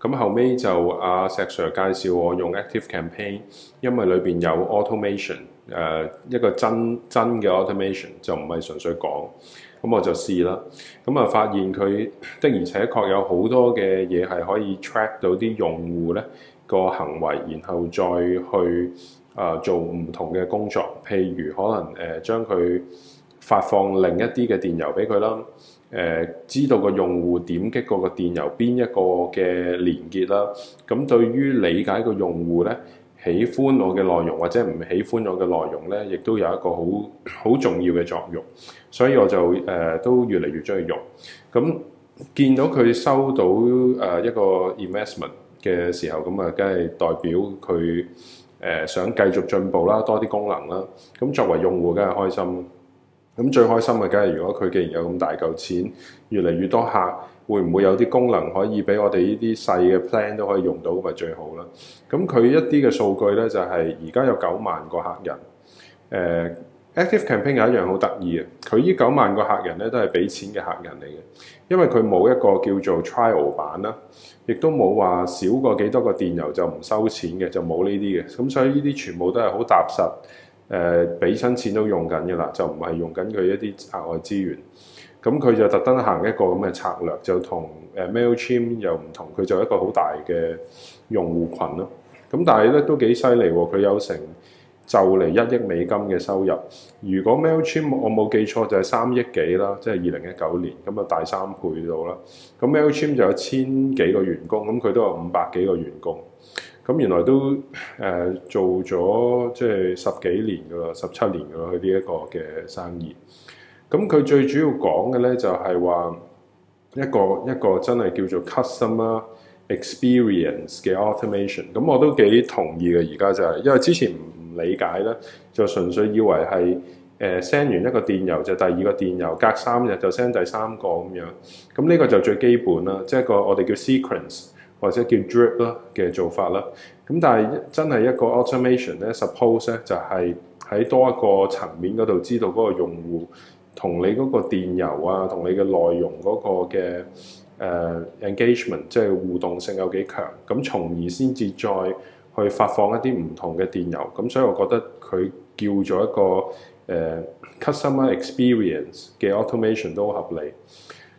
咁後尾就阿石 Sir 介紹我用 ActiveCampaign，因為裏邊有 automation，誒一個真真嘅 automation 就唔係純粹講。咁我就試啦，咁啊發現佢的而且確有好多嘅嘢係可以 track 到啲用戶咧個行為，然後再去誒做唔同嘅工作，譬如可能誒將佢。發放另一啲嘅電郵俾佢啦，呃、知道個用戶點擊嗰個電郵邊一個嘅連結啦，咁對於理解個用戶咧，喜歡我嘅內容或者唔喜歡我嘅內容咧，亦都有一個好好重要嘅作用，所以我就、呃、都越嚟越中意用。咁見到佢收到呃、一個 investment 嘅時候，咁啊梗係代表佢、呃、想繼續進步啦，多啲功能啦，咁作為用戶梗係開心。咁最開心嘅梗係如果佢既然有咁大嚿錢，越嚟越多客，會唔會有啲功能可以俾我哋呢啲細嘅 plan 都可以用到？咪最好啦！咁佢一啲嘅數據咧，就係而家有九萬個客人。呃，Active Campaign 有一樣好得意嘅，佢呢九萬個客人咧都係俾錢嘅客人嚟嘅，因為佢冇一個叫做 trial 版啦，亦都冇話少過幾多個電郵就唔收錢嘅，就冇呢啲嘅。咁所以呢啲全部都係好踏實。誒俾親錢都用緊嘅啦，就唔係用緊佢一啲額外資源。咁佢就特登行一個咁嘅策略，就同 Mailchimp 又唔同，佢就一個好大嘅用戶群咯。咁但係咧都幾犀利喎，佢有成就嚟一億美金嘅收入。如果 Mailchimp 我冇記錯就係三億幾啦，即係二零一九年，咁啊大三倍到啦。咁 Mailchimp 就有千幾個員工，咁佢都有五百幾個員工。咁原來都、呃、做咗即係十幾年噶啦，十七年噶啦，佢呢一個嘅生意。咁、嗯、佢最主要講嘅咧就係、是、話一個一個真係叫做 customer experience 嘅 automation。咁、嗯、我都幾同意嘅，而家就係、是、因為之前唔理解咧，就純粹以為係誒 send 完一個電郵就是、第二個電郵隔三日就 send 第三個咁樣。咁、嗯、呢、這個就最基本啦，即係個我哋叫 sequence。或者叫 drip 咯嘅做法啦，咁但係真係一個 automation 咧，suppose 咧就係喺多一個層面嗰度知道嗰個用戶同你嗰個電郵啊，同你嘅內容嗰個嘅誒 engagement，即係互動性有幾強，咁從而先至再去發放一啲唔同嘅電郵，咁所以我覺得佢叫咗一個誒、uh, customer experience 嘅 automation 都好合理。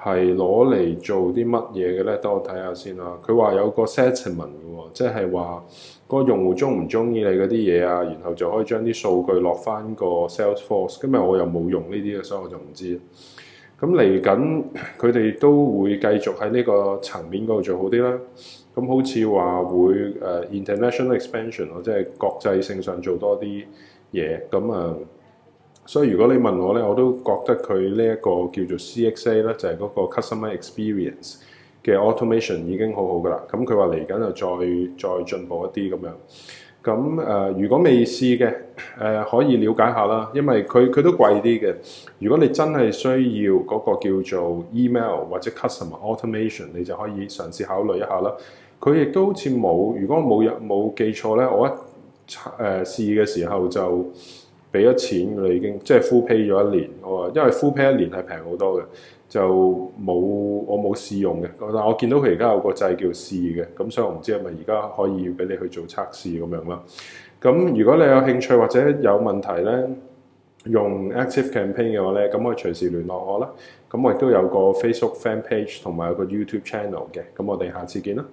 係攞嚟做啲乜嘢嘅咧？等我睇下先啦。佢話有個 sentiment 嘅喎，即係話個用戶中唔中意你嗰啲嘢啊，然後就可以將啲數據落翻個 Salesforce。今日我又冇用呢啲嘅，所以我就唔知。咁嚟緊佢哋都會繼續喺呢個層面嗰度做好啲啦。咁好似話會 international expansion 咯，即係國際性上做多啲嘢。咁啊～所以如果你問我咧，我都覺得佢呢一個叫做 CXA 咧，就係嗰個 customer experience 嘅 automation 已經好好噶啦。咁佢話嚟緊就再再進步一啲咁樣。咁、呃、如果未試嘅、呃、可以了解一下啦，因為佢佢都貴啲嘅。如果你真係需要嗰個叫做 email 或者 customer automation，你就可以嘗試考慮一下啦。佢亦都好似冇，如果冇冇記錯咧，我一誒試嘅時候就。俾咗錢佢哋，已經即係 full pay 咗一年我話，因為 full pay 一年係平好多嘅，就冇我冇試用嘅。但我見到佢而家有個掣叫試嘅，咁所以我唔知係咪而家可以俾你去做測試咁樣啦。咁如果你有興趣或者有問題咧，用 Active Campaign 嘅話咧，咁可以隨時聯絡我啦。咁我亦都有個 Facebook fan page 同埋有個 YouTube channel 嘅。咁我哋下次見啦。